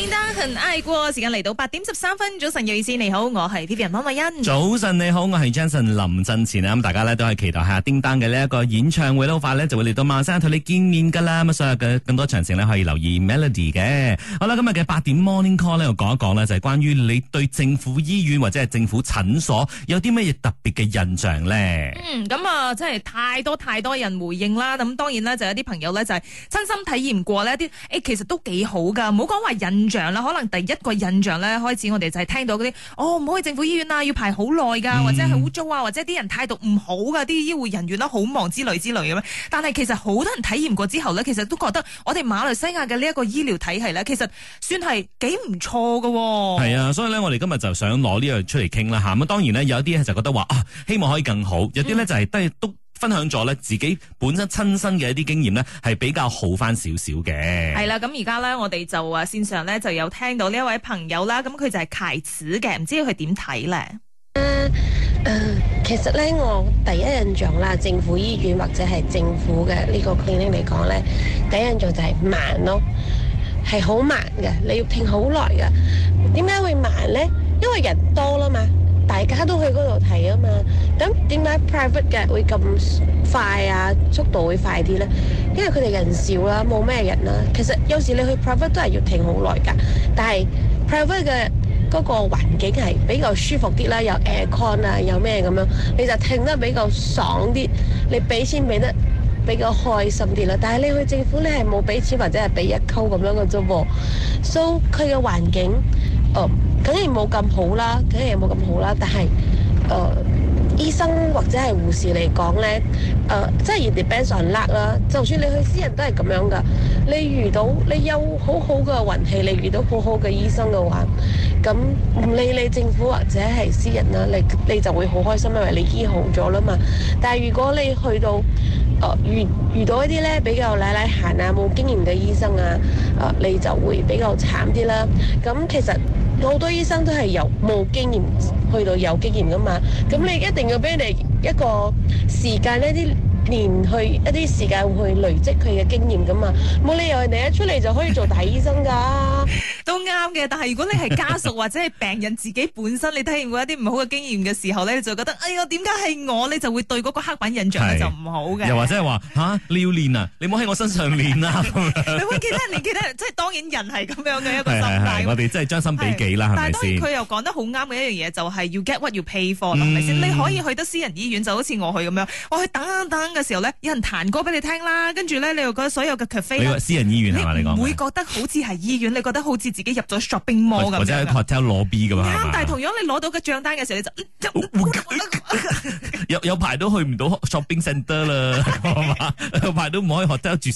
叮當很嗌過，時間嚟到八點十三分，早晨有線，你好，我係 P P R 潘慧欣。早晨你好，我係 Johnson 林振前啊！咁大家呢都係期待下叮當嘅呢一個演唱會啦，好快呢就會嚟到萬山同你見面噶啦！咁所有嘅更多詳情呢，可以留意 Melody 嘅、嗯。好啦，今日嘅八點 Morning Call 呢，我講一講呢就係關於你對政府醫院或者係政府診所有啲乜嘢特別嘅印象咧。嗯、咁、嗯、啊、即、嗯、係太多太多人回應啦。咁、嗯、當然啦，就有啲朋友咧就係親身體驗過呢啲誒其實都幾好噶，唔好講話人。啦，可能第一個印象咧，開始我哋就係聽到嗰啲哦，唔好去政府醫院啊，要排好耐噶，或者係污糟啊，或者啲人態度唔好噶，啲醫護人員啦好忙之類之類咁樣。但係其實好多人體驗過之後咧，其實都覺得我哋馬來西亞嘅呢一個醫療體系咧，其實算係幾唔錯噶。係啊，所以咧，我哋今日就想攞呢樣出嚟傾啦吓。咁當然咧，有一啲咧就覺得話啊，希望可以更好，有啲咧就係都都。嗯分享咗咧自己本身親身嘅一啲經驗咧，係比較好翻少少嘅。係啦，咁而家咧我哋就啊線上咧就有聽到呢一位朋友啦，咁佢就係恆子嘅，唔知佢點睇咧？誒、呃呃，其實咧我第一印象啦，政府醫院或者係政府嘅呢個 clinic 嚟講咧，第一印象就係慢咯，係好慢嘅，你要聽好耐嘅。點解會慢咧？因為人多啦嘛。大家都去嗰度睇啊嘛，咁點解 private 嘅會咁快啊？速度會快啲咧，因為佢哋人少啦，冇咩人啦。其實有時你去 private 都係要停好耐㗎，但係 private 嘅嗰個環境係比較舒服啲啦，有 aircon 啊，有咩咁樣，你就停得比較爽啲，你俾錢俾得比較開心啲啦。但係你去政府你係冇俾錢或者係俾一溝咁樣嘅啫噃，So 佢嘅環境，哦、嗯。梗係冇咁好啦，梗係冇咁好啦。但、呃、係，誒醫生或者係護士嚟講咧，誒、呃、即係人哋 bench 上甩啦。就算你去私人都係咁樣㗎。你遇到你有好好嘅運氣，你遇到好好嘅醫生嘅話，咁唔理你政府或者係私人啦，你你就會好開心，因為你醫好咗啦嘛。但係如果你去到誒遇、呃、遇到一啲咧比較奶奶閒啊，冇經驗嘅醫生啊，誒你就會比較慘啲啦。咁其實～好多醫生都係由冇經驗去到有經驗噶嘛，咁你一定要俾你一個時間呢啲。練去一啲時間會累積佢嘅經驗噶嘛，冇理由你一出嚟就可以做大醫生噶、啊，都啱嘅。但係如果你係家屬或者係病人自己本身， 你體驗過一啲唔好嘅經驗嘅時候咧，你就覺得哎呀，點解係我你就會對嗰個黑板印象就唔好嘅。又或者係話吓，你要練啊，你冇喺我身上練啦、啊。 你唔好記得練，記得 即係當然人係咁樣嘅 一個心態。是是是我哋真係將心比己啦，係咪先？但當然佢又講得好啱嘅一樣嘢，就係、是、要 get what you pay for、嗯，係咪先？你可以去得私人醫院，就好似我去咁樣，我去等一等。嘅時候咧，有人彈歌俾你聽啦，跟住咧，你又覺得所有嘅咖啡私人醫院係嘛、啊？你講會覺得好似係醫院，你覺得好似自己入咗 shopping mall 攞 B 噶嘛？但係同樣你攞到嘅賬單嘅時候，你就 有有排都去唔到 shopping center 啦，排 都唔可以得 t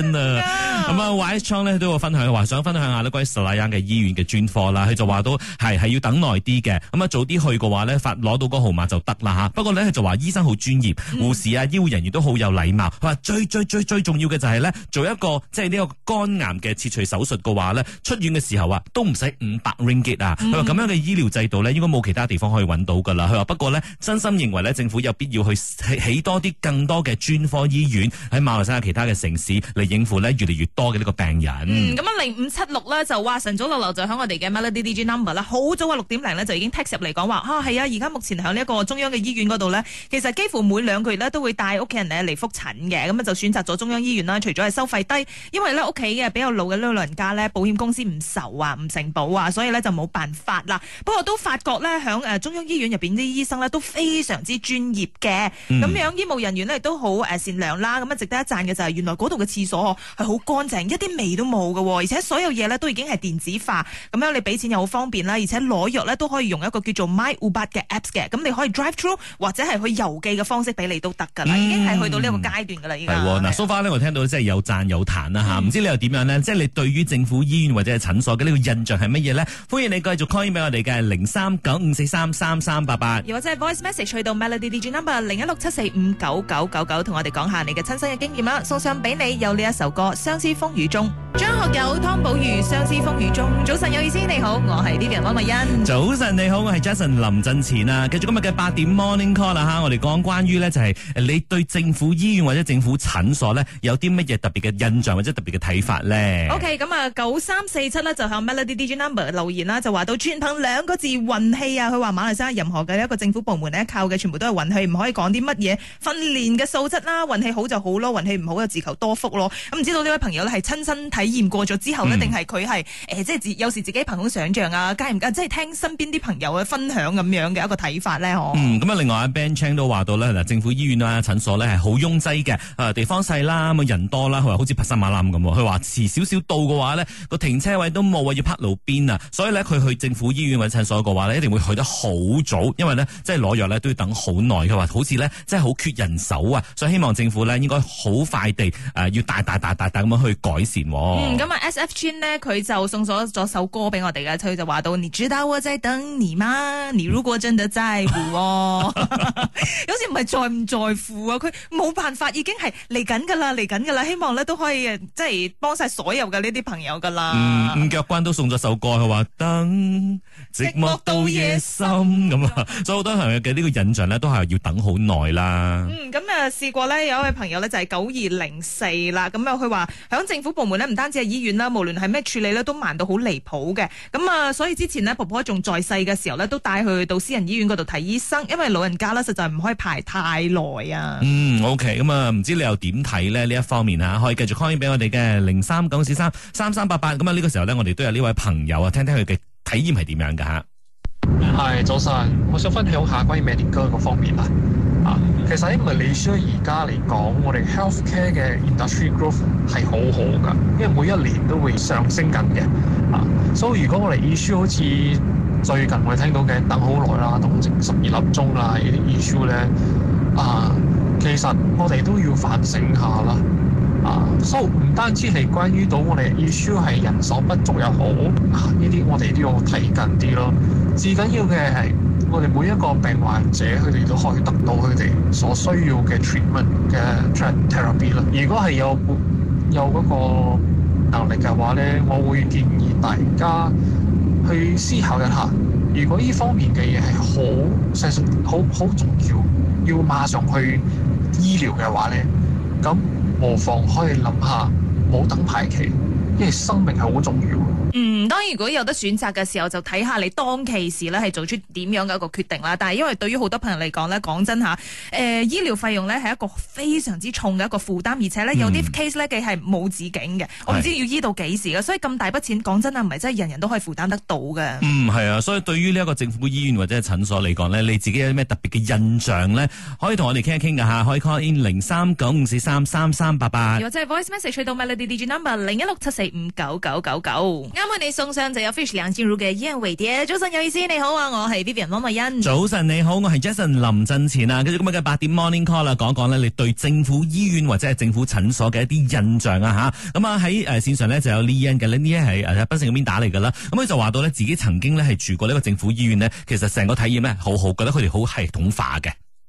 啦。咁、 no. 啊 y a n g 都會分享話，想分享下關於 Sri Lanka 嘅醫院嘅專科啦。佢就話都係係要等耐啲嘅，咁啊早啲去嘅話攞到個號碼就得啦吓。不過佢就話醫生好專業，護士啊、醫護人、嗯都好有禮貌，佢話最最最最重要嘅就係咧，做一個即係呢個肝癌嘅切除手術嘅話咧，出院嘅時候啊，都唔使五百 ringgit 啊！佢話咁樣嘅醫療制度呢，應該冇其他地方可以揾到噶啦。佢、嗯、話不過呢，真心認為呢，政府有必要去起多啲更多嘅專科醫院喺馬來西亞其他嘅城市嚟應付呢越嚟越多嘅呢個病人。嗯，咁啊零五七六咧就話晨早流流就喺我哋嘅 Melody Digi Number 啦，好早啊六點零呢，就已經 text 入嚟講話啊係啊！而家、啊、目前喺呢一個中央嘅醫院嗰度呢，其實幾乎每兩個月呢，都會帶屋人嚟嚟覆診嘅，咁啊就選擇咗中央醫院啦。除咗係收費低，因為咧屋企嘅比較老嘅呢老人家咧，保險公司唔愁啊，唔承保啊，所以咧就冇辦法啦。不過都發覺咧，喺中央醫院入面啲醫生咧都非常之專業嘅，咁、嗯、樣醫務人員咧都好善良啦，咁啊值得一讚嘅就係原來嗰度嘅廁所係好乾淨，一啲味都冇喎，而且所有嘢咧都已經係電子化，咁樣你俾錢又好方便啦，而且攞藥咧都可以用一個叫做 MyUbat 嘅 Apps 嘅，咁你可以 DriveThrough 或者係去郵寄嘅方式俾你都得㗎啦。嗯已經係去到呢個階段噶啦，已經係嗱蘇花咧，我聽到咧真係有讚有彈啦吓，唔知你又點樣咧？即係你對於政府醫院或者係診所嘅呢個印象係乜嘢咧？歡迎你繼續 call 俾我哋嘅，零三九五四三三三八八，又或者係 voice message 去到 melody DJ number 零一六七四五九九九九，同我哋講下你嘅親身嘅經驗啦。送上俾你有呢一首歌《相思風雨中》，張學友、湯寶如《相思風雨中》。早晨有意思，你好，我係 Livia 溫慧欣。早晨你好，我係 Jason 林振前啊。繼續今日嘅八點 morning call 啦吓，我哋講關於咧就係誒你對。政府醫院或者政府診所咧，有啲乜嘢特別嘅印象或者特別嘅睇法咧？OK，咁啊，九三四七呢，就向 Melody DJ Number 留言啦，啊，就話到全憑兩個字運氣啊！佢話馬來西亞任何嘅一個政府部門咧，靠嘅全部都係運氣，唔可以講啲乜嘢訓練嘅素質啦，運氣好就好咯，運氣唔好就自求多福咯。咁唔知道呢位朋友呢，係親身體驗過咗之後呢？定係佢係即係自有時自己憑空想像啊，加唔加即係聽身邊啲朋友去分享咁樣嘅一個睇法咧？哦，嗯，咁啊，另外阿、啊、Ben Chan 都話到咧嗱，政府醫院啊，診所。係好擁擠嘅，誒地方細啦，咁啊人多啦，佢話好似帕薩馬林咁，佢話遲少少到嘅話呢個停車位都冇啊，要泊路邊啊，所以呢，佢去政府醫院揾診所嘅話呢一定會去得好早，因為呢，即係攞藥呢都要等好耐，佢話好似呢，真係好缺人手啊，所以希望政府呢應該好快地誒、呃、要大大大大大咁樣去改善。嗯 SF 呢，咁啊 S F G 咧佢就送咗咗首歌俾我哋嘅，佢就話到你知道我在等你嗎？你如果真的在乎、哦 唔係在唔在乎啊？佢冇辦法，已經係嚟緊噶啦，嚟緊噶啦。希望咧都可以，即係幫晒所有嘅呢啲朋友噶啦。嗯，吳腳關都送咗首歌，佢話等寂寞到夜深咁啊、嗯。所以好多朋友嘅呢個印象咧，都係要等好耐啦。嗯，咁啊試過呢，有一位朋友咧就係九二零四啦。咁啊，佢話響政府部門咧，唔單止係醫院啦，無論係咩處理咧，都慢到好離譜嘅。咁啊，所以之前呢，婆婆仲在世嘅時候呢都帶佢到私人醫院嗰度睇醫生，因為老人家呢實在唔可以排。太耐啊！嗯，OK，咁、嗯、啊，唔知你又點睇咧呢一方面吓？可以繼續 call 翻俾我哋嘅零三九四三三三八八。咁啊，呢個時候咧，我哋都有呢位朋友啊，聽聽佢嘅體驗係點樣噶吓。係早晨，我想分享下關於 medical 嗰方面啊。其實因為醫而家嚟講，我哋 healthcare 嘅 industry growth 係好好㗎，因為每一年都會上升緊嘅。啊，所以如果我哋 issue 好似最近我哋聽到嘅等好耐啦，等成十二粒鐘啦，呢啲 issue 啊，其實我哋都要反省下啦。啊，所以唔單止係關於到我哋 issue 係人手不足又好，啊呢啲我哋都要睇緊啲咯。至緊要嘅係，我哋每一個病患者，佢哋都可以得到佢哋所需要嘅 treatment 嘅 treatment therapy 啦。如果係有有嗰個能力嘅話咧，我會建議大家去思考一下。如果呢方面嘅嘢係好細，好好重要，要馬上去醫療嘅話咧，咁無妨可以諗下冇等排期，因為生命係好重要的。嗯。當然如果有得選擇嘅時候，就睇下你當其時咧係做出點樣嘅一個決定啦。但係因為對於好多朋友嚟講呢，講真嚇，誒、呃、醫療費用呢係一個非常之重嘅一個負擔，而且呢，有啲 case 呢，佢係冇止境嘅。我唔知要醫到幾時嘅，所以咁大筆錢講真啊，唔係真係人人都可以負擔得到嘅。嗯，係啊，所以對於呢一個政府醫院或者診所嚟講呢，你自己有咩特別嘅印象呢？可以同我哋傾一傾㗎嚇，可以 call in 零三九五四三三三八八，或者係 voice message 到 d number 零一六七四五九九九九。啱你。中商就有 Fish 梁志儒嘅 Ian 維碟早晨有意思，你好啊，我係 Vivian 溫慧欣早晨你好，我係 Jason 林振前啊，跟住今日嘅八點 morning call 啦，講一講呢你對政府醫院或者係政府診所嘅一啲印象啊吓，咁啊喺誒線上呢就有 l e Ian 嘅，咧呢 n 係誒喺北城嗰邊打嚟㗎啦，咁佢就話到呢，自己曾經呢係住過呢個政府醫院呢，其實成個體驗呢，好好，覺得佢哋好系統化嘅。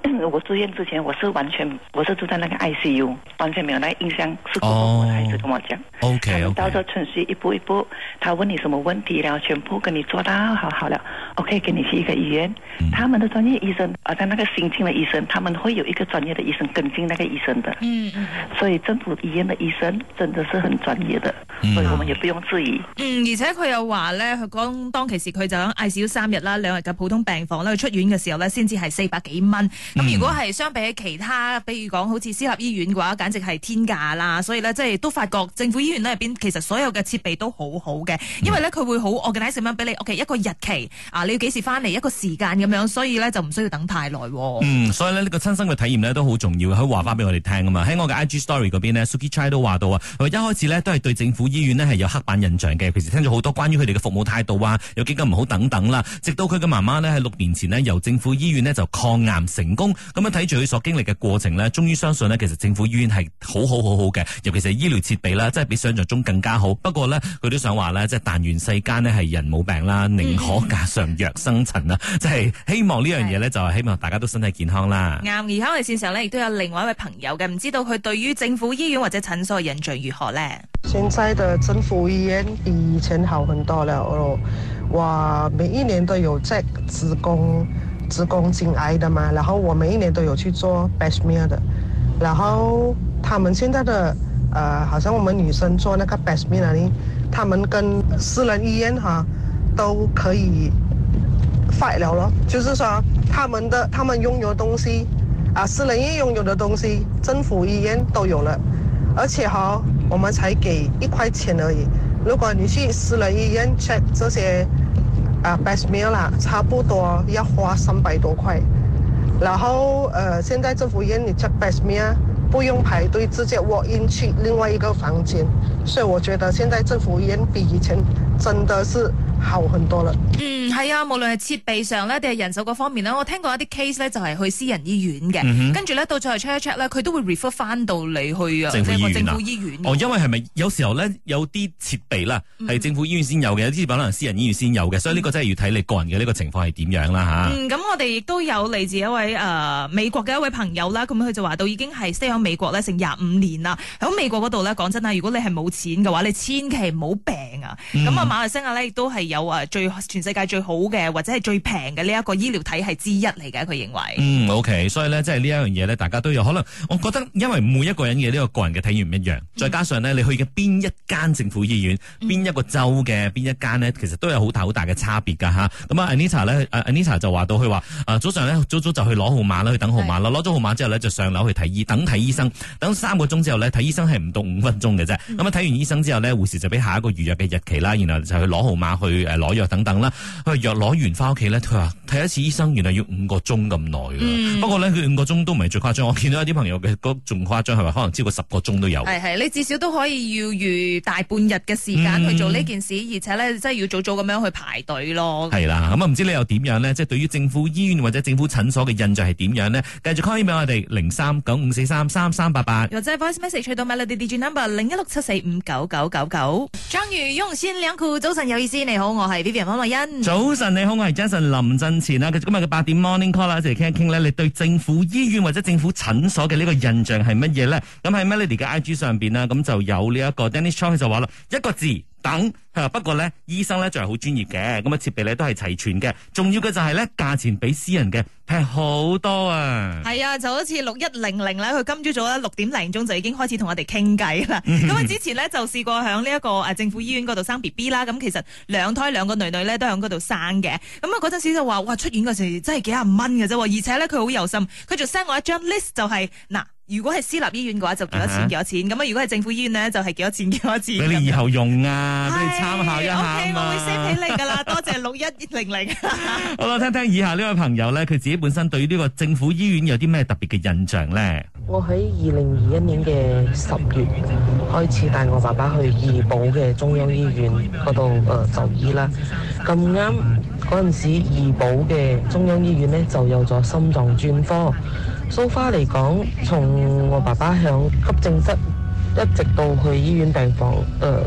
我住院之前，我是完全，我是住在那個 ICU，完全沒有那印象。是哥我孩子跟我講、oh, okay,，OK，他們到咗程序，一步一步，他問你什麼問題，然後全部跟你做到，好好了。OK，跟你去一個醫院、嗯，他們的專業醫生，而但那個新進的醫生，他們會有一個專業的醫生跟進那個醫生的。嗯，所以政府醫院的醫生，真的是很專業的。所以我們也不用質疑。嗯， 而且佢又話呢，佢講當其時佢就響 I C U 三日啦，兩日嘅普通病房呢，佢出院嘅時候呢，先至係四百幾蚊。咁、嗯、如果係相比起其他，比如講好似私立醫院嘅話，簡直係天價啦。所以咧，即係都發覺政府醫院呢入邊，其實所有嘅設備都好好嘅，因為咧佢、嗯、會好，我嘅第一蚊俾你，OK 一個日期啊，你要幾時翻嚟一個時間咁樣，所以咧就唔需要等太耐、啊。嗯，所以呢，呢個親身嘅體驗呢，都好重要，佢話翻俾我哋聽啊嘛。喺我嘅 IG story 嗰邊呢 Suki Chai 都話到啊，佢一開始呢，都係對政府醫院呢係有黑板印象嘅，平時聽咗好多關於佢哋嘅服務態度啊，有幾咁唔好等等啦。直到佢嘅媽媽呢，喺六年前呢，由政府醫院呢就抗癌成。咁樣睇住佢所經歷嘅過程咧，終於相信咧，其實政府醫院係好好好好嘅，尤其是醫療設備啦，真係比想象中更加好。不過咧，佢都想話咧，即係但願世間呢係人冇病啦，寧可架上藥生塵啦，即、嗯、係希望呢樣嘢咧就係、是、希望大家都身體健康啦。啱，而喺佢綫上咧亦都有另外一位朋友嘅，唔知道佢對於政府醫院或者診所嘅印象如何咧？現在嘅政府醫院比以前好很多了咯，哇，每一年都有在施工。子宮頸癌的嘛，然後我每一年都有去做 Pap smear 的，然後他們現在的呃，好像我們女生做那個 Pap smear 呢，他們跟私人醫院哈、啊、都可以發了，就是說他們的他們擁有的東西，啊，私人醫院擁有的東西，政府醫院都有了，而且哈、啊，我們才給一塊錢而已，如果你去私人醫院 check 這些。啊，best mail 啦，差不多要花三百多塊。然後，呃，現在政府醫院你叫 best mail 不用排隊，直接 walk in 去另外一個房間。所以，我覺得現在政府醫院比以前真的是。好，很多啦，嗯係啊，無論係設備上咧，定係人手嗰方面咧，我聽過一啲 case 咧，就係去私人醫院嘅，跟住咧到最後 check 一 check 咧，佢都會 refer 翻到你去政府醫院,、啊、府醫院的哦，因為係咪有時候咧有啲設備啦係政府醫院先有嘅、嗯，有啲可能私人醫院先有嘅，所以呢個真係要睇你個人嘅呢個情況係點樣啦吓。咁、嗯啊嗯、我哋亦都有嚟自一位誒、呃、美國嘅一位朋友啦，咁佢就話到已經係 stay 喺美國咧成廿五年啦，喺美國嗰度咧講真啊，如果你係冇錢嘅話，你千祈唔好病。咁、嗯、啊，馬來西亞咧亦都係有啊最全世界最好嘅或者係最平嘅呢一個醫療體系之一嚟嘅，佢認為。嗯，OK，所以呢，即係呢一樣嘢呢，大家都有可能。我覺得因為每一個人嘅呢個個人嘅體驗唔一樣、嗯，再加上呢，你去嘅邊一間政府醫院，邊、嗯、一個州嘅邊一間呢，其實都有好大好大嘅差別噶嚇。咁、嗯、啊，Anita 咧，啊 Anita 就話到佢話啊，早上咧早早就去攞號碼啦，去等號碼啦，攞咗號碼之後呢，就上樓去睇醫，等睇醫生、嗯，等三個鐘之後呢，睇醫生係唔到五分鐘嘅啫。咁啊睇完醫生之後呢，護士就俾下一個預約嘅。日期啦，然後就去攞號碼去攞藥、啊、等等啦。佢藥攞完翻屋企咧，佢話睇一次醫生原來要五個鐘咁耐。不過咧，佢五個鐘都唔係最誇張，我見到一啲朋友嘅嗰仲誇張係話，係咪可能超過十個鐘都有。係係，你至少都可以要預大半日嘅時間去做呢件事，嗯、而且咧即係要早早咁樣去排隊咯。係啦，咁啊唔知你又點樣呢？即係對於政府醫院或者政府診所嘅印象係點樣呢？繼續 call 俾我哋零三九五四三三三八八。或者 voice message 到 Melody digital number 零一六七四五九九九九。用先兩褲，早晨有意思，你好，我係 Vivian 方慧欣。早晨，你好，我係 Jason 林振前啦。今日嘅八點 morning call 啦，一齊傾一傾咧，你對政府醫院或者政府診所嘅呢個印象係乜嘢咧？咁喺 Melody 嘅 IG 上邊啦，咁就有呢、這、一個 Dennis Chong 就話啦，一個字，等。係啊、不過咧，醫生咧就係好專業嘅，咁啊設備咧都係齊全嘅。重要嘅就係咧，價錢比私人嘅平好多啊！係啊，就好似六一零零咧，佢今朝早咧六點零鐘就已經開始同我哋傾偈啦。咁 啊之前咧就試過響呢一個誒政府醫院嗰度生 B B 啦。咁其實兩胎兩個女女咧都響嗰度生嘅。咁啊嗰陣時就話哇，出院嗰時真係幾廿蚊嘅啫，而且咧佢好有心，佢仲 send 我一張 list 就係、是、嗱，如果係私立醫院嘅話就幾多錢幾多錢，咁、uh、啊 -huh. 如果係政府醫院咧就係、是、幾多錢幾多錢。 俾你以後用啊。參考一下啊嘛！O K，我會寫俾你噶啦， 多謝六一零零。好啦，聽聽以下呢位朋友呢，佢自己本身對於呢個政府醫院有啲咩特別嘅印象呢？我喺二零二一年嘅十月開始帶我爸爸去怡保嘅中央醫院嗰度誒就醫啦。咁啱嗰陣時，怡保嘅中央醫院呢，就有咗心臟專科。蘇花嚟講，從我爸爸響急症室一直到去醫院病房誒。呃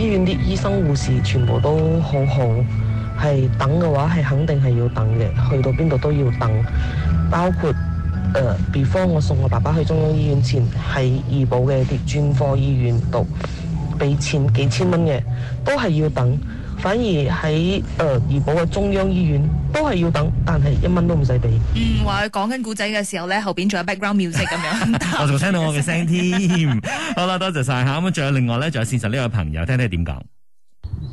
醫院啲醫生護士全部都好好，係等嘅話係肯定係要等嘅，去到邊度都要等，包括誒，uh, before 我送我爸爸去中央醫院前，喺醫保嘅啲專科醫院度俾錢幾千蚊嘅，都係要等。反而喺誒怡保嘅中央醫院都係要等，但係一蚊都唔使俾。嗯，話佢講緊故仔嘅時候咧，後邊仲有 background music 咁樣。 那樣 我仲聽到我嘅聲添。 好啦，多謝晒。嚇咁，仲有另外咧，仲有線上呢位朋友，聽聽點講。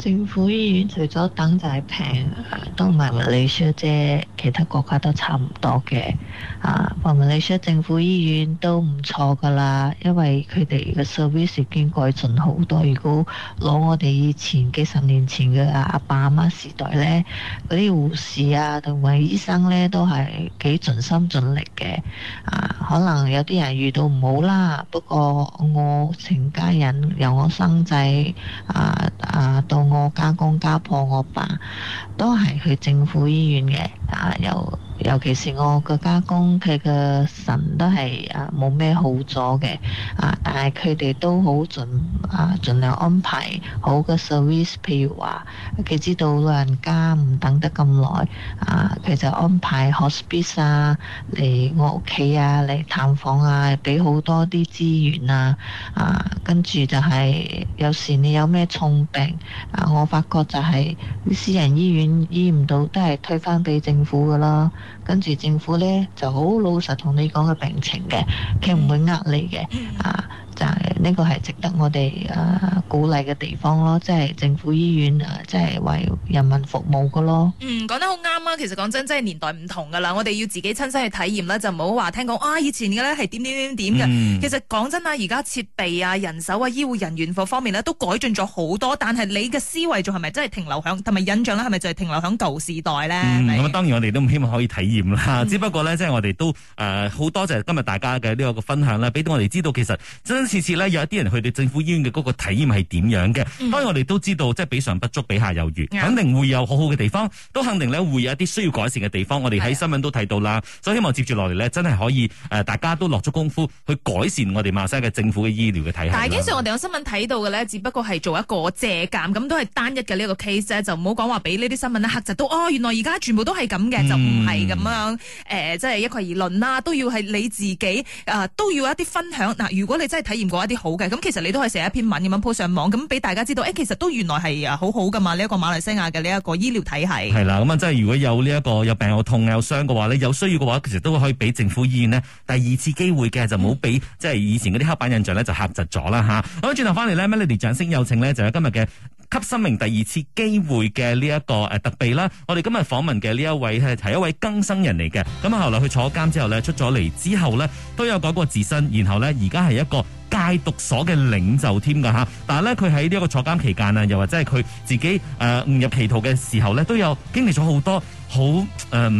政府醫院除咗等就係平，都唔係唔理想啫。其他國家都差唔多嘅。啊，話唔理想，政府醫院都唔錯噶啦。因為佢哋嘅 service 已經改進好多。如果攞我哋以前幾十年前嘅阿爸阿媽時代呢，嗰啲護士啊同埋醫生呢，都係幾盡心盡力嘅。啊，可能有啲人遇到唔好啦。不過我成家人由我生仔啊啊到我，我家公家婆，我爸，爸都係去政府醫院嘅，但又。尤其是我個家公，佢嘅神都係啊冇咩好咗嘅，啊但係佢哋都好盡啊盡量安排好嘅 service，譬如話佢知道老人家唔等得咁耐啊，佢就安排 hospice 啊嚟我屋企啊嚟探訪啊，俾好多啲資源啊啊，跟住就係有時你有咩重病啊，我發覺就係私人醫院醫唔到，都係推返俾政府噶啦。跟住政府咧就好老實同你講個病情嘅，佢唔會呃你嘅，啊。就係呢個係值得我哋誒鼓勵嘅地方咯，即係政府醫院啊，即係為人民服務嘅咯。嗯，講得好啱啊！其實講真，即係年代唔同噶啦，我哋要自己親身去體驗咧，就唔好話聽講啊。以前嘅咧係點點點點嘅，其實講真啊，而家設備啊、人手啊、醫護人員方面咧都改進咗好多。但係你嘅思維仲係咪真係停留響，同埋印象咧係咪就係停留響舊時代咧？咁啊，當然我哋都唔希望可以體驗啦。嗯。只不過咧，即係我哋都誒好多謝今日大家嘅呢個分享啦，俾到我哋知道其實真實次次咧，有一啲人去到政府醫院嘅嗰個體驗係點樣嘅，嗯？當然我哋都知道，即、就、係、是、比上不足，比下有餘，肯定會有好好嘅地方，都肯定咧會有一啲需要改善嘅地方。我哋喺新聞都睇到啦，所以希望接住落嚟呢，真係可以誒，大家都落足功夫去改善我哋馬來西亞嘅政府嘅醫療嘅體系。但係，啱先我哋有新聞睇到嘅呢，只不過係做一個借鑑，咁都係單一嘅呢一個 case 咧，就唔好講話俾呢啲新聞咧嚇窒到。哦，原來而家全部都係咁嘅，就唔係咁樣誒、嗯呃，即係一概而論啦，都要係你自己誒、呃，都要一啲分享。嗱、呃，如果你真係睇。驗過一啲好嘅，咁其實你都可以寫一篇文咁樣 po 上網，咁俾大家知道，誒、哎，其實都原來係啊好好噶嘛，呢、這、一個馬來西亞嘅呢一個醫療體系。係啦，咁啊，即係如果有呢、這、一個有病有痛有傷嘅話咧，有需要嘅話，其實都可以俾政府醫院咧第二次機會嘅，就唔好俾即係以前嗰啲黑板印象咧就嚇窒咗啦吓。好，轉頭翻嚟咧，Melody 掌聲有請呢，就係今日嘅。給生命第二次機會嘅呢一個誒、呃、特備啦，我哋今日訪問嘅呢一位係係一位更生人嚟嘅，咁啊後來佢坐監之後咧出咗嚟之後咧都有改過自身，然後咧而家係一個戒毒所嘅領袖添噶吓，但係咧佢喺呢一個坐監期間啊，又或者係佢自己誒誤、呃、入歧途嘅時候咧，都有經歷咗、呃、好多好誒唔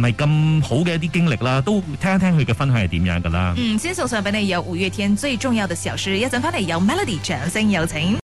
係咁好嘅一啲經歷啦，都聽一聽佢嘅分享係點樣噶啦。嗯，先送上俾你有五月天最重要的小事，一陣翻嚟有 Melody 掌聲有請。